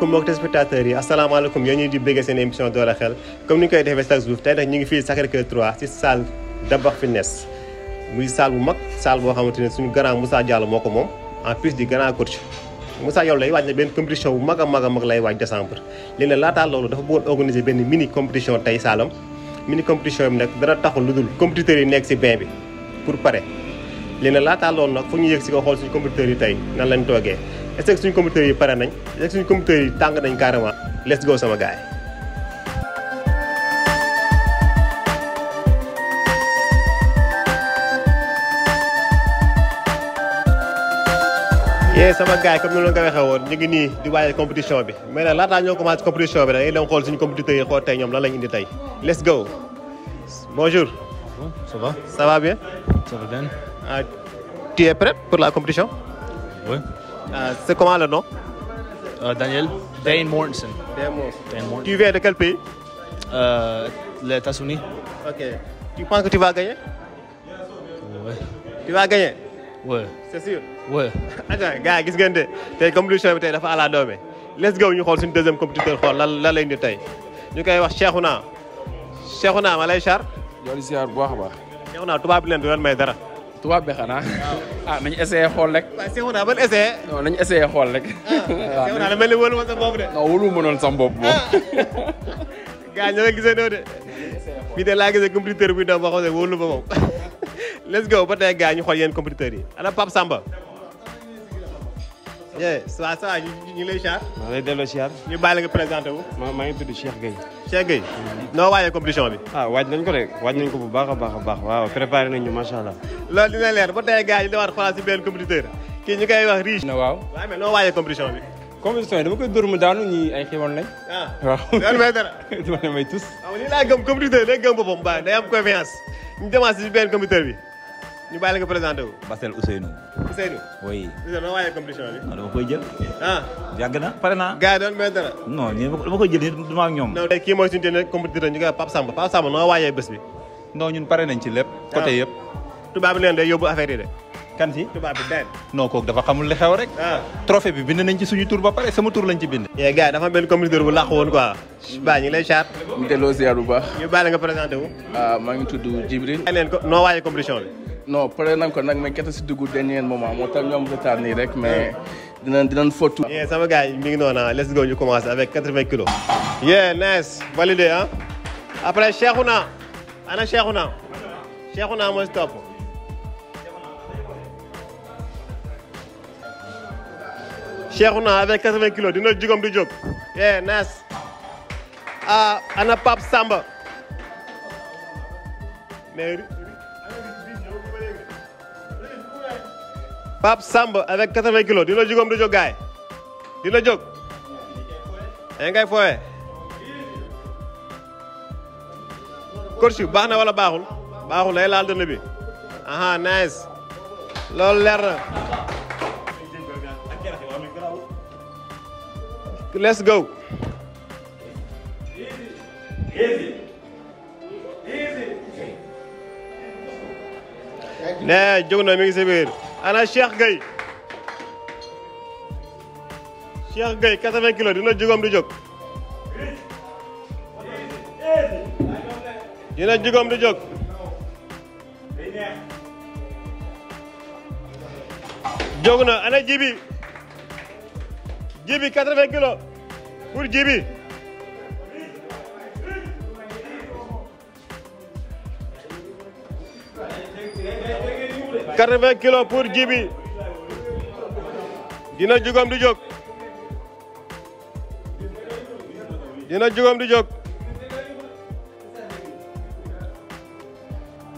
salaamaaleykum mbokk téléspectateurs yi asalaamaaleykum yéen ñuy di bëggee seen émission Door a Xel comme ni ñu koy defee chaque jour tey nag ñu ngi fii Sacré-Cœur 3 si salle Dabakh muy salle bu mag salle boo xamante ne suñu grand musaa Diallo moo ko moom en plus du grand coach Moussa yow lay waaj na benn compétition bu mag a a mag lay waaj décembre léegi nag laataa loolu dafa bëggoon organiser benn mini compétition tey saalam mini compétition bi nag dara taxul lu yi nekk si bain bi pour pare léegi nag laataa loolu ñu yëg si ko xool suñu compétiteurs tey nan lañ toogee est-ce que suñu compétiteurs nañ est suñu compétiteurs yi tàng nañ carrément let's sama gars yi yee sama gars yi comme ni ma woon ñu ngi nii di waajal bi mais nag laataa ñoo commencé compétition bi da ngay dem xool suñu compétiteurs yi xool tey ñoom lan lañ indi tey let's go bonjour. ça va ça va ah, pour la compétition. Euh, c'est comment le nom euh, Daniel. Dane Mortensen. Dane Mortensen. Tu viens de quel pays euh, Les États-Unis. Ok. Tu penses que tu vas gagner euh, Ouais. Tu vas gagner Ouais. C'est sûr Ouais. Attends, gars, gis ngeen de tey compétition bi tey dafa à la doome. let's go ñu xool suñu deuxième compétiteur xool lan lan lay indi tey ñu koy wax Cheikhouna Cheikhouna ma lay char. yow di ziar bu baax a baax. Cheikhouna tubaab bi leen du doon may dara. tubaab bi xanaa. ah nañu essayé xool rek. waaw Seydou naa ban essayé. non nañu xool rek. ah Seydou naa la mel ni wóolu ma sa de. non wóolu ma noonu sa bopp moom. Ah. gars ñoo gisee noonu de. fii de laa gisee compétiteur buy daw ba xam ne wóolu ma moom. let's go ba tey gars ñu xool yéen compétiteurs yi ana Pape Samba. yee ça ça ñu ñu ngi lay siyaar. maa lay delloo siyaar. ñu bàyyi ma maa ngi tudd Cheikh Gueye. Cheikh Gueye. Mm-hmm. noo waajee compétition bi. ah waaj nañ ko de waaj nañ ko bu baax baax a baax waaw préparé nañ ñu macha allah. loolu dina leer ba tey gars yi demaat xoolal si benn compétiteur kii ñu koy wax riche. na waaw waaye mais noo waajee compétition bi. compétition yi dama koy dóor mu daanu ñi ay xibaar lañ. ah loolu may dara waaw dama ne may tus. waaw ah, lii laa gëm compétiteur day gëm boppam baax confiance ñu demaat si benn compétiteur bi ñu bàyyi la Ousseynou. oui. Ousseynou dama waaye compétition bi. non ah, dama koy jël. Ah. na pare naa. gars yi doon mel dara. non ñii dama koy jël nii duma ñoom. non kii mooy suñu tene compétiteur ñu koy wax Pape Samba Pape na nga ñun pare nañ ci lépp. Ah. côté yëpp. tubaab bi leen day yóbbu affaire yi de. kan ci tubaab bi dafa xamul li xew rek. ah trophée bi bind nañ ci suñu tur ba pare sama tur lañ ci bind. yee eh, gars yi dafa am benn compétiteur bu làq woon quoi. ba ñu ngi lay char. ñu delloo ziar bu baax. nga présenté wu. ah maa ngi tudd Jibril. leen noo waajee compétition bi non pare nañ ko nag mais gerte si dugg dernier moment moo tax ñoom retard nii rek mais dinañ dinañ fotu. yee sama gars yi mi ngi noonu ah let's go ñu commencer avec 80 kilos. yeah nice validé ah. après Cheikhouna ana Cheikhouna. Cheikhouna mooy stop. Cheikhouna avec 80 kilos dina jugam di jóg. yeah nice. ah ana Pape Samba. Pape Samb avec 80 kilos dina jógam du jóg gaay dina jóg da fooye coach baax na wala baaxul baaxul day laal dënn bi aha nice loolu leer na let's go nee jóg na mi ngi ana Cheikh Gueye Cheikh Gueye 80 kilo dina jugom di jóg dina jugom du jóg jóg na ana jibi jibi 80 kilos pour jibi 80 kilos pour Djiby dina jugam di jóg dina jugam di jóg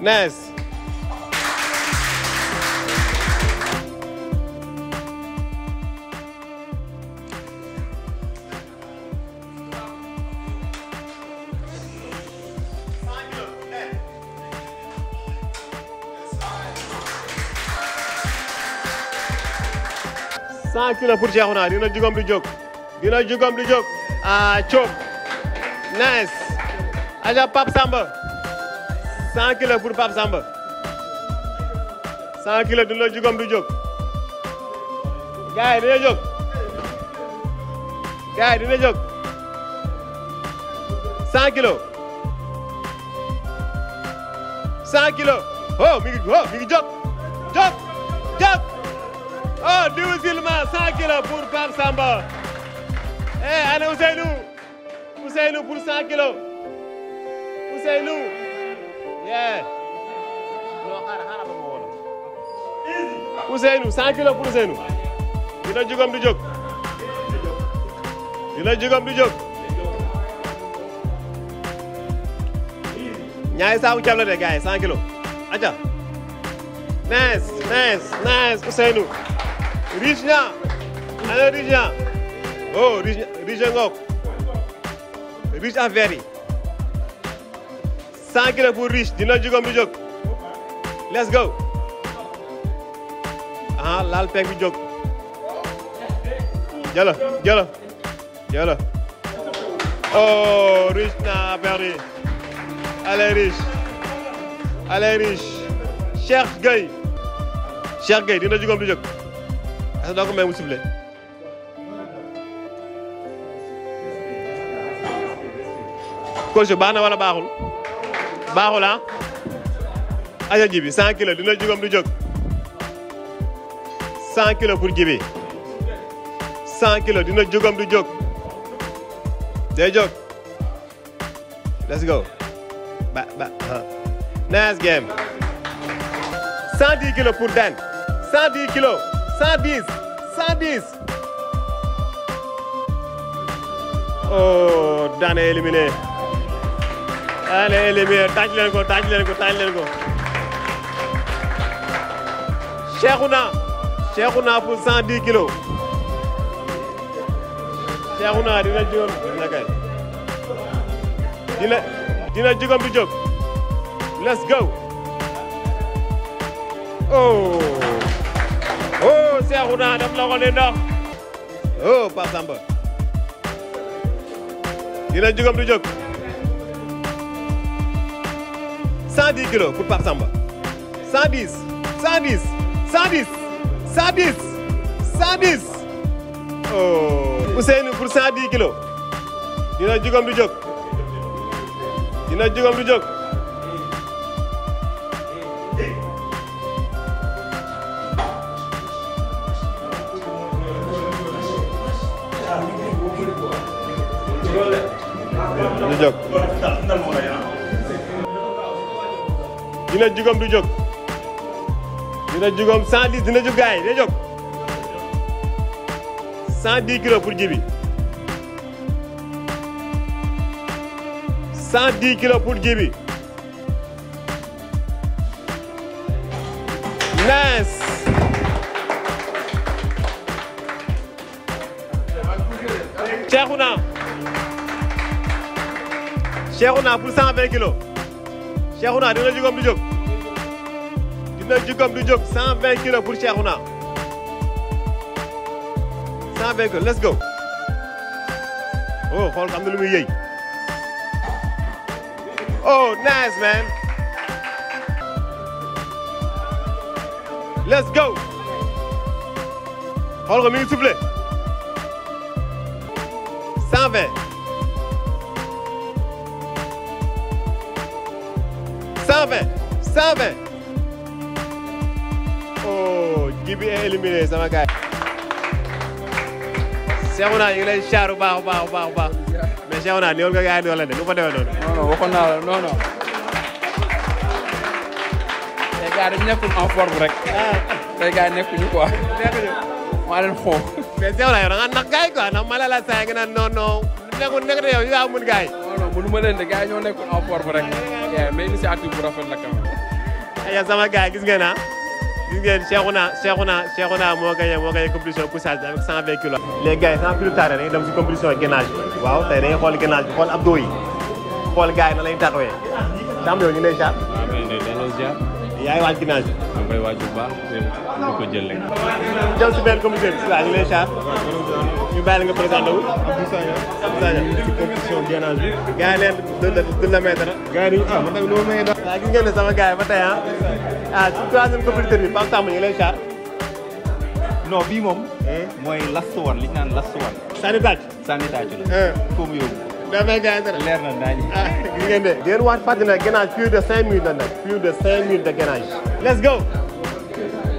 nees 100 kilos pour Cheikhouna dina jugam du jóg dina jugam du jóg ah Diop nice aja Pape Samba 100 kilos pour Pape Samba 100 dina jugam du jóg gars dina jóg gars dina jóg 100 kilos 100 kilos oh mi ngi oh mi Oh, Louis Zulma, 100 kilos pour Pape Samba. Eh, hey, allez, Ousseinou. Ousseinou pour 100 kilos. Ousseinou. Yeah. Non, xaaral xaaral ba ma dina jugam du dina jugam du jóg. ñaari saaku ceeb acca. nice nice nice Ousseinou. Rijna ana Rijna oh Rijna Rijna ngoog Rijna affaire yi 100 kilos pour Rijna dina jugam bi jóg let's go ah laal peeg bi jóg jëla jëla jëla oh Rijna affaire yi allez Rijna allez Rijna Cheikh Gueye Cheikh Gueye dina jugam bi est-ce que mu sifflé coach baax na wala baaxul baaxul ah aja jibi 100 kilos dina jógam du jog 100 kilo pour jibi 100 kilo dina jógam du jóg day jóg let's go ba ba nice game 110 kilos pour Dan 110 kilos 110 110 oh daane éliminé daane éliminé taaj leen ko taaj leen ko taaj leen ko Cheikhouna Cheikhouna pour 110 kilos Cheikhouna dina jóg dina kay dina dina jógam du jóg let's go oh oh Seexuna def loxo ni ndox oh Pape Samba dina jógam du jóg 110 kilos pour Pape Samba 110 110 110 110 110 oh Ousseynou pour 110 kilos dina jógam du jóg dina jógam du jóg du jóg dina jugam du jóg dina jugam 110 dina jug gaay dina jóg 110 kilos pour Djibi 110 kilos pour Djibi nice Cheikhouna Cheikhouna pour 120 kilos Cheikhouna dina jugom du jóg dina jugom du jóg 120 kilos pour Cheikhouna 120 kilos let's go oh xool xam na lu mu yëy oh nice man let's go xool ko mi ngi soufflé 120. oh Djiby est éliminé sama gars yi. Cheikh naa ñu ngi lay chaaru baax baax baax baax mais Cheikh naa néew nga gars yi néew la de nu fa demee noonu. non non waxoon naa la non non. tey gars dañu nekkul en forme rek. tey gars nekkuñu quoi. nekkuñu maa leen xoo. mais Cheikh naa yow da nga nax gars yi quoi ndax ma la la saa yi nga naan non non nekkul nekk na yow yaa mun gars yi. non non mënu ma leen de gars yi ñoo nekkul en forme rek. mais initiative bu rafet la kam yow sama gars gis ngeen ah gis ngeen Cheikhouna na Cheikhouna moo gagné moo gagné compétition poussage bi avec 120 kilos. les gars yi sans plus tarder dañuy dem si compétition gainage bi waaw tey dañuy xool gainage bi xool abdo xool gars yi na lañu tatoyee. Samb yow ñu ngi lay waaj gainage koy waaj bu baax ñu ko jël rek. jël si benn comité bi waaw ñu lay char ñu bàyyi la nga présenté wu. Abdou Saga Abdou Saga ci compétition gànnaaw bi. gars yi leen du la du la may dara. gars yi ah man tamit loo may dara. waaw gis ngeen ne sama gars yi ba tey ah ah ci troisième comité bi Pape Samb ñu lay char. non bii moom. Eh? mooy last one li ñu naan last one. sànni tàcc. sànni tàcc la. Eh. foofu yóbbu. dafay gaañ dara leer na daañu. ah gis ngeen de. déet waat fàttali nag gànnaar plus de cinq minutes la nag plus de cinq minutes de gànnaar. let's go.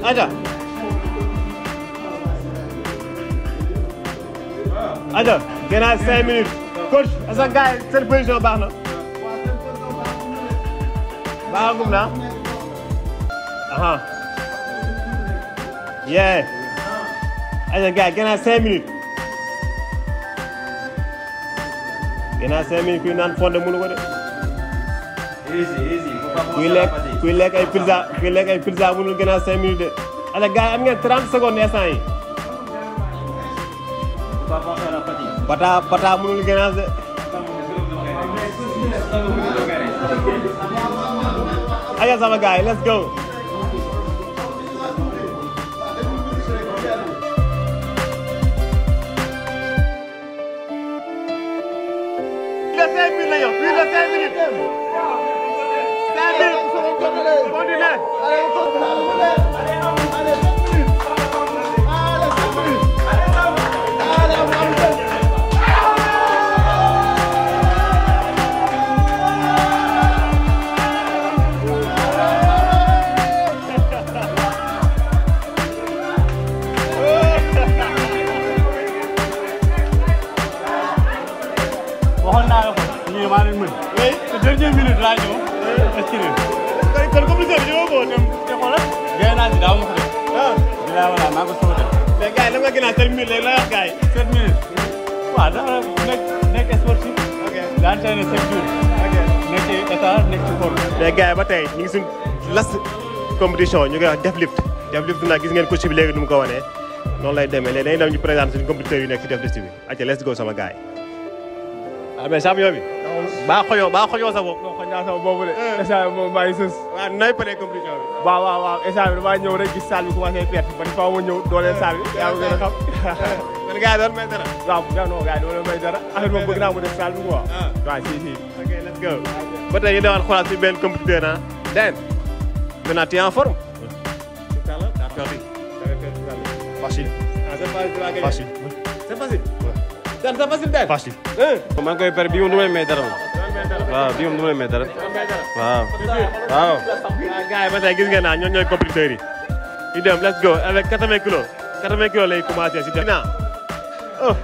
aja. aja gànnaar cinq minutes. coach sa gars yi seen position baax na. baaxagum naa. aha. yeah. aja gars gànnaar cinq minutes. ginnaaw cinq minutes kuy naan fonde mënu ko de. easy easy. lekk kuy lekk lekk ay pizza mënul ginnaaw cinq minutes de. ala gars am ngeen 30 secondes instant yi. pata pata mënul ginnaaw de. aywa sama gars yi let's Allez, on continue. Allez, on continue. tey ñu ngi suñ last compétition ñu koy wax def lift def lift nag gis ngeen coach bi léegi nu mu ko wanee noonu lay demee léegi dañuy dem ñu présenté suñu compétiteurs yu nekk si def lift bi acca let's go sama gars yi amee ah, champion bi baa xoñoo baa xoñoo sa bopp waaw sama boobu de. Eh. instant bi moom maa ngi sës. waaw nooy paree compétition bi. waaw waaw waaw instant bi damaa ñëw rek gis salle bi commencé perte man faaw ma ñëw dooleel salle bi a kon gars yi doon may dara. waaw non gars yi doon may dara. Ah, affaire moom bëgg naa mu def salle bi quoi. Ah. waaw si si. ok a go. ba tey ñu demoon xoolaat si benn compétiteur ah. Dane. maintenant tu es en forme. c'est ça là. t'as perdu. t'avais perdu facile. ah c'est waaw waaw. waaw. Ah, gars yi ba tey gis ngeen naa ñoom ñooy compétiteurs yi. oh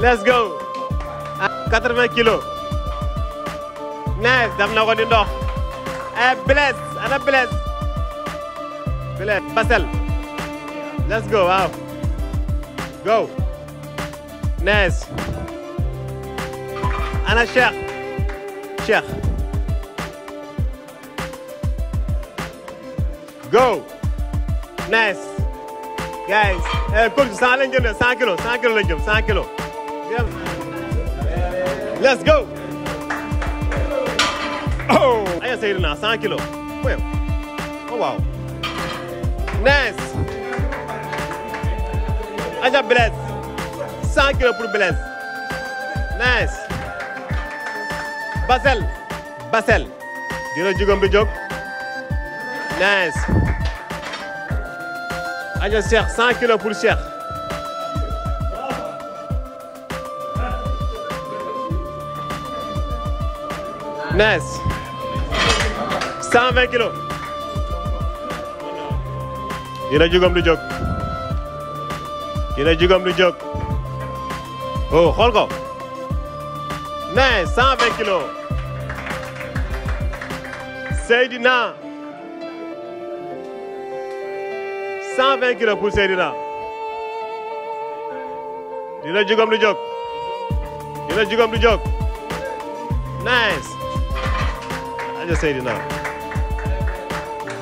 let's go. 80 ah, kilos. neef dam na ko di ndox. ay eh, Blaise ana Blaise. Blaise Basel. let's go waaw. go. nees. ana Cheikh. Cheikh. go. nees. gars yi course bi 100 lañ jëm de 100 kilos 100 kilos let's go. oh. aywa Seydina 100 kilos. oh waaw. nice. aywa Blaise. 100 kilos pour Blaise. nice. Basel. Basel. dina jugam bi jóg. nice. aja Cheikh 100 kilos pour Cheikh. Nice. 120 kilos. dina jugam du jóg dina jugam du jóg oh xool ko nice 120 kilos Seydina. 120 kilos pour Seydina dina jugam du dina jugam du jóg nice aja Seydina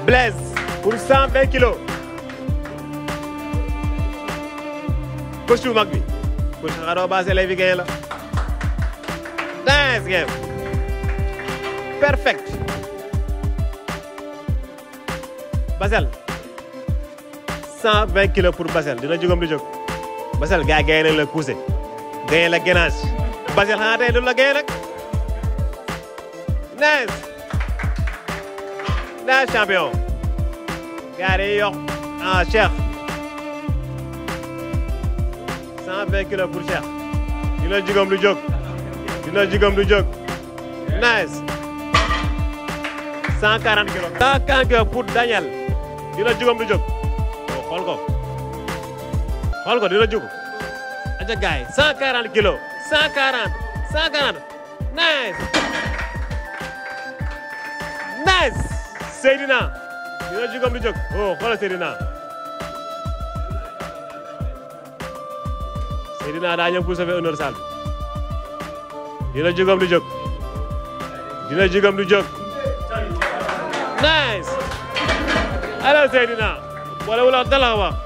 Blaise pour 120 kilos coachu mag bi coach xaroo baase lay liggéey la nice game perfect Basel cent vingt kilos pour Basel dina jógam di jóg Basel gars gaye la poussé gaye la gànnaas Basel xanaa tey du la gaye nag nice nice champion gars yi yokk ah Cheikh cent vingt kilos pour Cheikh dina jógam di jóg dina jógam di jóg nice cent quarante kilos Daniel dina jógam di jóg xool ko dina jug aja gaay nice nice Seydina dina jugam di jóg oh Seydina Seydina daa ñëw pour sauver honneur dina jugam di nice alors Seydina wala wala dala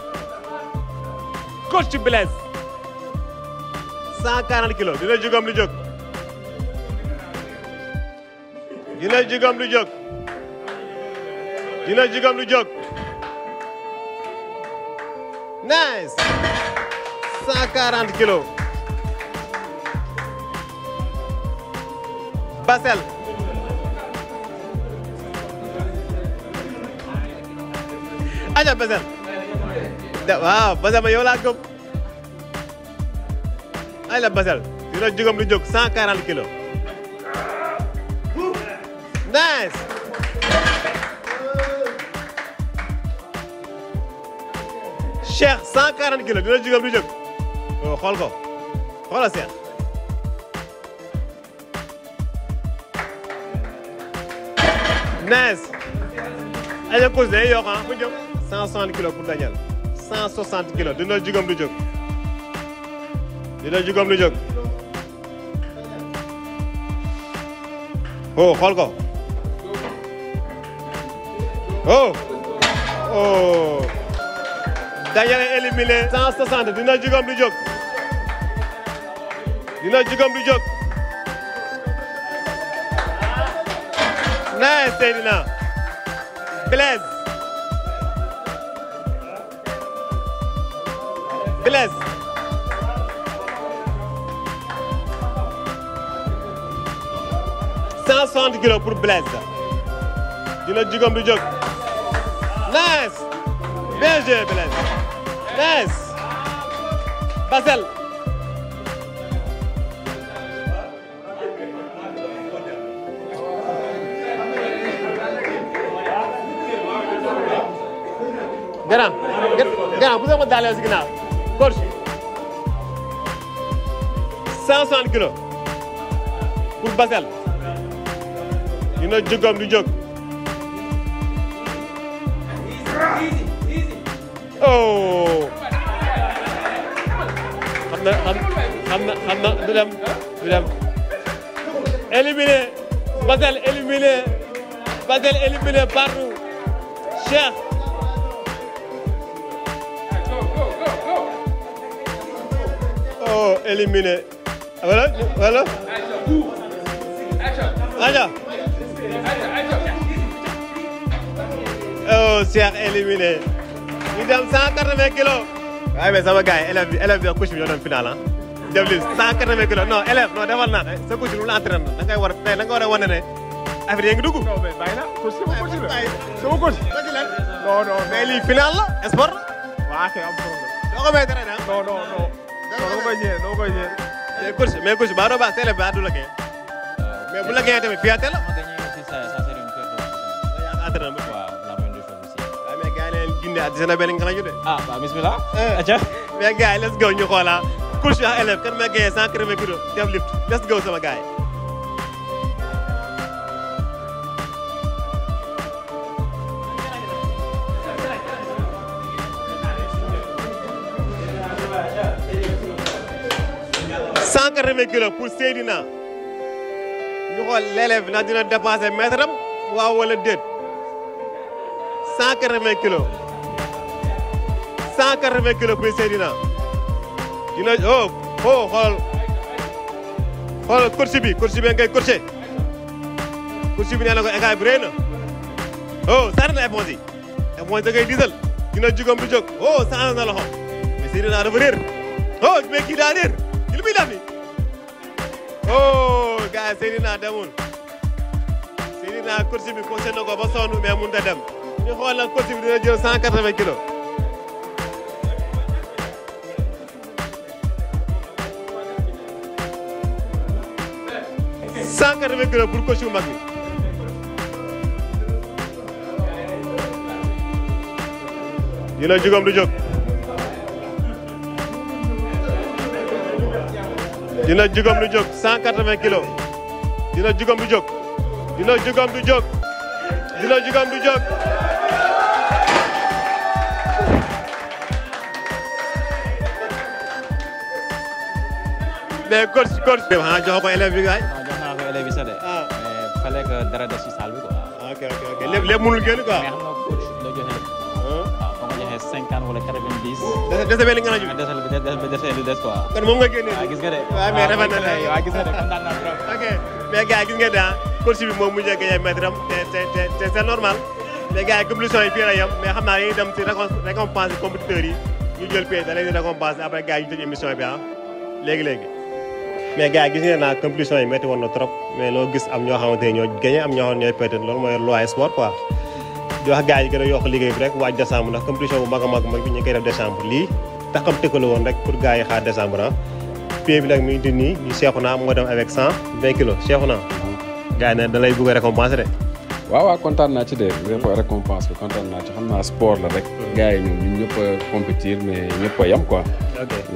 coach Blaise. 140 kilos dina jugam du jóg. dina jugam du jóg. dina jugam du Basel. waaw Basal ma laa gëm ay la Basal dina jógam lu jóg cent quarante kilos nice Cheikh cent quarante kilos dina jógam lu jóg oh, xool ko xoola nice ay la couche day yokk ah mu cent soixante kilos pour Daniel cent soixante kilos dina jugam du jóg dina jugam du jóg oh xool ko oh oh dajale dina jugam du jóg dina jugam du jóg nice Seydina Blaise Blaise cent soixante kilos pour Blaise dina jigom du jóg nice bien joué nice Basel Grand grand bu soo ko daalee si ginnaaw Corse 160 kilos Basel dina jógam du jóg oh xam na xam Basel éliminé Basel éliminé ko éliminer wala wala aja oh Cheikh éliminé ñu dem 180 waaye mais sama gars yi bi élève bi ñoo doon final ah. nga war a wane ne affaire yi ngi dugg non mais bàyyi na couche sama couche la sama couche non non noo koy ñëwee noo koy ñëwee. mais coach mais coach baaroo baax teel a baax du la kee. Euh, mais bu la kee tamit fiyate la. ah di seen abel nga la ñu de. ah waaw bismillah. Eh. atia mais gars yi let's go ñu xoolaa ah. coach ak ah, élève kan may gagné 100 kilomètres def lift let's go sama gars yi. 180 kilos pour Seydina ñu xool l'élève na dina dépasser maître am waaw wala déet 180 kilos 180 kilos pour Seydina dina oh oh xool xool course bi course bi ngay course course bi nee na ko écart bi rëy na oh sànni na éponge yi éponge da ngay diisal dina jugam du jóg oh sànni na loxo mais Seydina dafa réer oh mais kii daa réer li muy def nii oo oh, gars Seydina demul Seydina course bi na ko ba sonn mais mënut a dem ñu xool nag course bi dina jël 180 kilos. cent quatre-vingts kilos pour du jóg dina jugam du jóg 180 kilos dina jugam du jóg dina jugam du jóg dina jugam du jóg mais coach coach xanaa ah, jox ko élève bi gaay ah, jox naa ko élève bi sax de ah. fallait que dara des ci salle bi quoi ok ok lépp lépp mënul génn quoi wala 90. dese benn nga la ju dese dese lu des quoi. kon moom nga génnee waaw ah, gis nga de. waaw mais ah, rafet na de waaw ah, gis nga de kontaan naa yi nga de ah bi moom normal mais gars yi compétition yi fii la yem mais xam naa dañuy dem ci récompense gis ngeen naa compétition yi métti na trop mais loo gis am ñoo xamante ne ñoo gagné am ñoo xam ne ñooy perte loolu mooy loi sport quoi di wax gars yi gën a yokk rek waaj décembre ndax compétition bu mag a mag woon rek pour gars yi xaar décembre ah pied bi nag mi nii ñu Cheikhouna mu avec cent vingt kilos Cheikhouna gars yi ne da lay bëgg a récompenser de waaw waaw de récompense bi kontaan naa ci xam naa sport la rek mm. gars yi ñun ñun a compétir mais ñëpp a yem quoi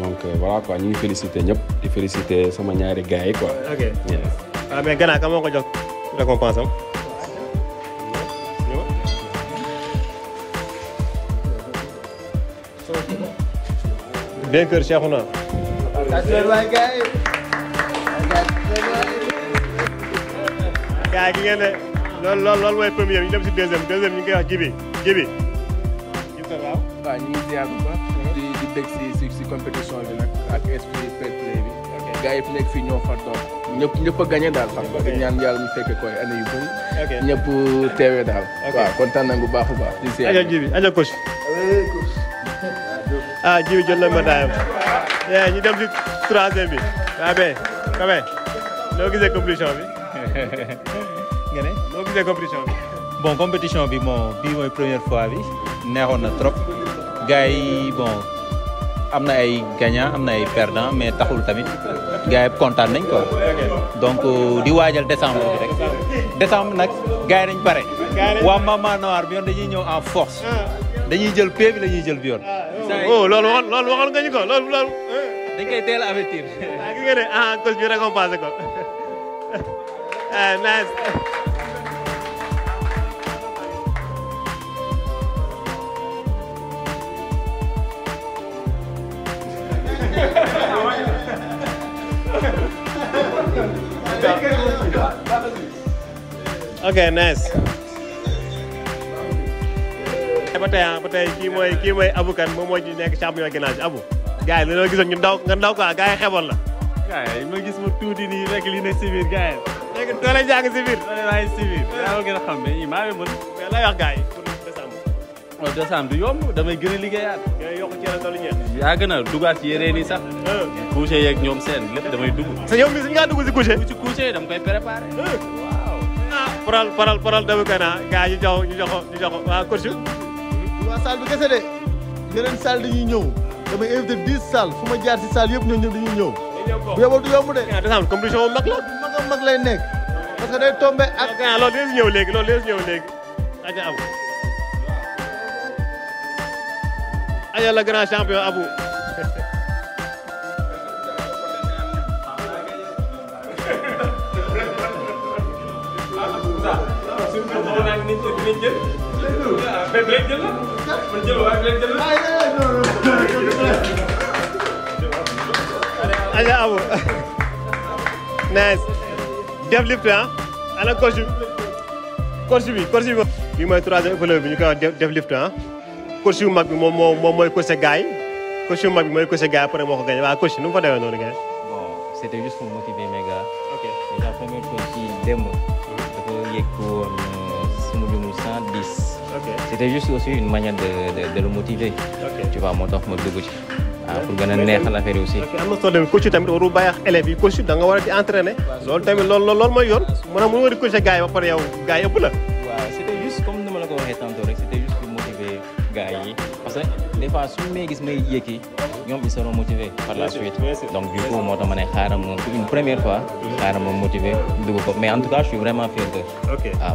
donc euh, voilà quoi ñu ngi félicité ñëpp di félicité sama ñaari gars yi quoi ok waaw ah, mais gannaaw kan ko jox récompense bien kër Cheikhouna gaa gi ngeen ne loolu loolu loolu mooy premier ñu dem si deuxième deuxième ñu koy wax jibi jibi waaw waaw di di si si compétition nag ak esprit fair play bi fi fii ñoo far doon ñëpp ñëpp a daal sax parce que ñaan yàlla mu fekke koy année yu bëri ñëpp teewee daal waaw kontaan nañ bu baax a baax di ziar aja jibi aja ah jiw jël na médaille am ñu dem ci troisième bi waaw mais Kame noo gisee compétition bi nga ne noo gisee compétition bi. bon compétition bi moom bii mooy première fois bi neexoon na trop gars yi bon am na ay gagnant am na ay perdant mais taxul tamit gars yi kontaan nañ quoi donc euh, di waajal décembre bi rek décembre nag gars yi nañ pare. waa Mama Noir bi yoon dañuy ñëw en force. Ah. dañuy jël pee bi la jël bi yoon. oh loolu waxoon loolu ko loolu loolu. dañ koy teel a avertir. Ah, ne ah coach bi récompensé ko ah nice. Okay, nice. te ba tey ah ba tey kii mooy kii mooy Abou Kane moom moo ci nekk champion ginaaw Abou gars yi dañoo gisoon ñu ndaw nga ndaw quoi gars yi xeboon la gars yi ma gis ma tuuti nii rek li ne si biir gars yi léegi doo leen jàng si biir doo leen waay si yaa gën a xam ne yi maa ngi mën mais lay wax gars yi pour décembre waaw oh, gën a liggéeyaat a yokk ci yàlla doolu ñeent yaa gën a dugaat ci yéreen yi sax euh. couché yeeg ñoom seen sa yow mi suñu ngaa dugg si couché ci couché dama koy préparé euh. waaw paral ah, paral paral Abou Kane ah. gars yi ñu jox ñu jox waa salle bi kese de yeneen salle dañuy ñëw damay fu ma jaar si salle yëpp ñoom ñëpp dañuy bu yeboo du yomb de. décembre ah, compétition bu mag la. mag a mag lay nekk parce que ah, aja abu aja abu nice def lift ah ana coach bi coach bi coach bi bi mooy troisième épreuve bi ñu koy wax def lift ah coach bu mag bi moom moo moom mooy coach gaay coach bu mag bi mooy coach gaay après moo ko gagné waaw coach nu mu fa demee noonu gars bon c'était juste pour motiver mes gars ok déjà première chose ci démb dafa yëg ko woon euh, mujj muy aussi une manière de de motiver. moo tax ma dugg ci. waaw pour gën a neexal affaire yi aussi. tamit coach tamit warul yi coach da nga a di entraîner. loolu tamit loolu loolu yoon. mën a mën nga di yi parce que des fois may gis may yéegi ñoom ils seront motivés par la suite. donc moo tax ma ne xaaral ma une première ah. fois. xaaral ma motiver dugg ko mais en tout cas ah, je vraiment fier de. ok ah,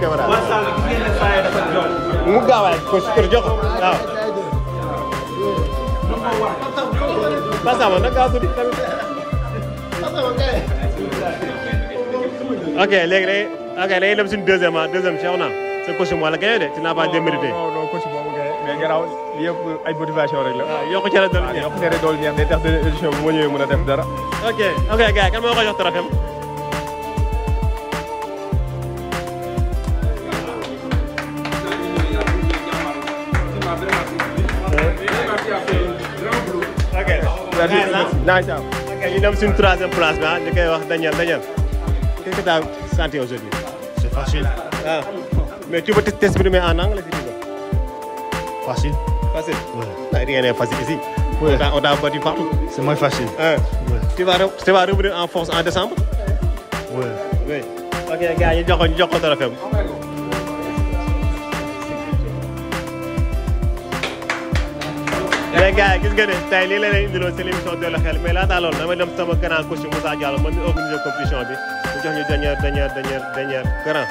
caméra mu gaaw rek ko sukur jox waaw. Passama naka tudd tamit. ok léegi day ok dañuy dem suñu deuxième ah deuxième Cheikh na sa costume wala gañe de tu n'as pas démérité. non non costume boobu gañe mais garaaw li yëpp ay motivation rek la. waaw yokku cere dool ñeex yokku cere dool ñeex day tax édition bi moo ñëwee mën a def dara. ok ok gars kan moo ko jox trophée naajaaw. ok ñu dem suñu troisième place bi ah ñu koy wax Daniel Daniel. qu'est-ce que t'as senti aujourd'hui. c'est facile. ah mais tu t'exprimer en anglais si facile. facile. oui. rien n'est facile ici. oui on t'a on c'est moins facile. ah oui. tu en force en décembre. oui. ok gars ñu jox ko mais gars yi gis nga ne tey lii la leen indiloon seen émission Doole Xel mais laataa loolu dama dem sama grand coach Moussa Diallo man mi organiser compétition bi mu jox ñu dernière dernière dernière dernière grand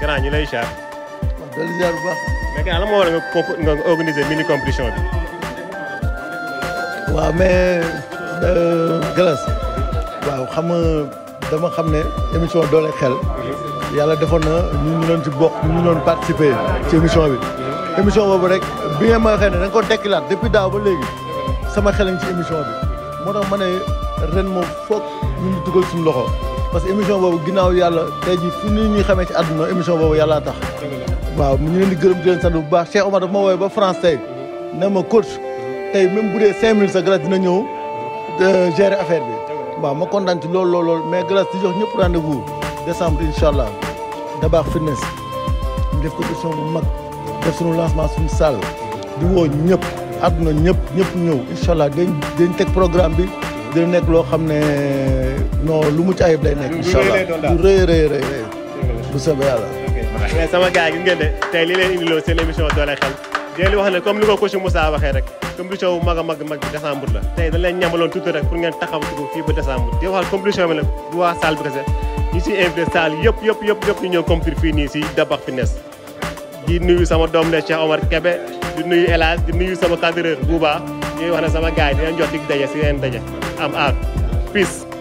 grand ñu lay char waaw dellu ziar bu baax. bi. waaw mais Glace waaw xam nga dama xam ne émission Doole Xel yàlla defoon na ñu ñu doon ci bokk ñu ñu doon participer ci émission bi. émission boobu rek bi nga ma xëy ne da nga ko dekkilaat depuis daaw ba léegi sama xel ci émission bi moo tax ma ne ren moom foog ñu dugal suñu loxo parce que émission boobu ginnaaw yàlla te jii fu nit ñi xamee ci àdduna émission boobu yàllaa tax waaw ñu leen baax Cheikh Omar dafa ma woowee ba France ne ma coach tey même bu dee cinq minutes sa grâce dina ñëw euh, ger affaire bi waaw ma kontaan ci lool lool loolu mais grâce di jox ñëpp rendez-vous décembre incha allah Dabakh fitness ñu def ko émission bu mag def suñu lancement suñu salle di woo ñëpp àdduna ñëpp ñëpp ñëw incha allah dañ teg programme bi dina nekk loo xam ne non lu mucc ayib lay nekk. incha rëy rëy rëy bu soobee yàlla. mais sama gars gi ngeen de tey li leen indiloo seen émission doole xel di leen wax ne comme li ko coach Moussa waxee rek compétition bu mag a mag mag bi décembre la. tey dañ leen ñamaloon tuuti rek pour ngeen taxaw dugg fii ba décembre di waxal compétition bi nag ñu siy invité salle yëpp yëpp yëpp yëpp ñu ñëw compétir fii nii si Dabax Fitness di nuyu sama doom ne Cheikh Omar Kebe di nuyu El Hadj di nuyu sama cadreur Bouba ñuy wax ne sama gars yi dinañ jot dig daje si leen daje am aar peace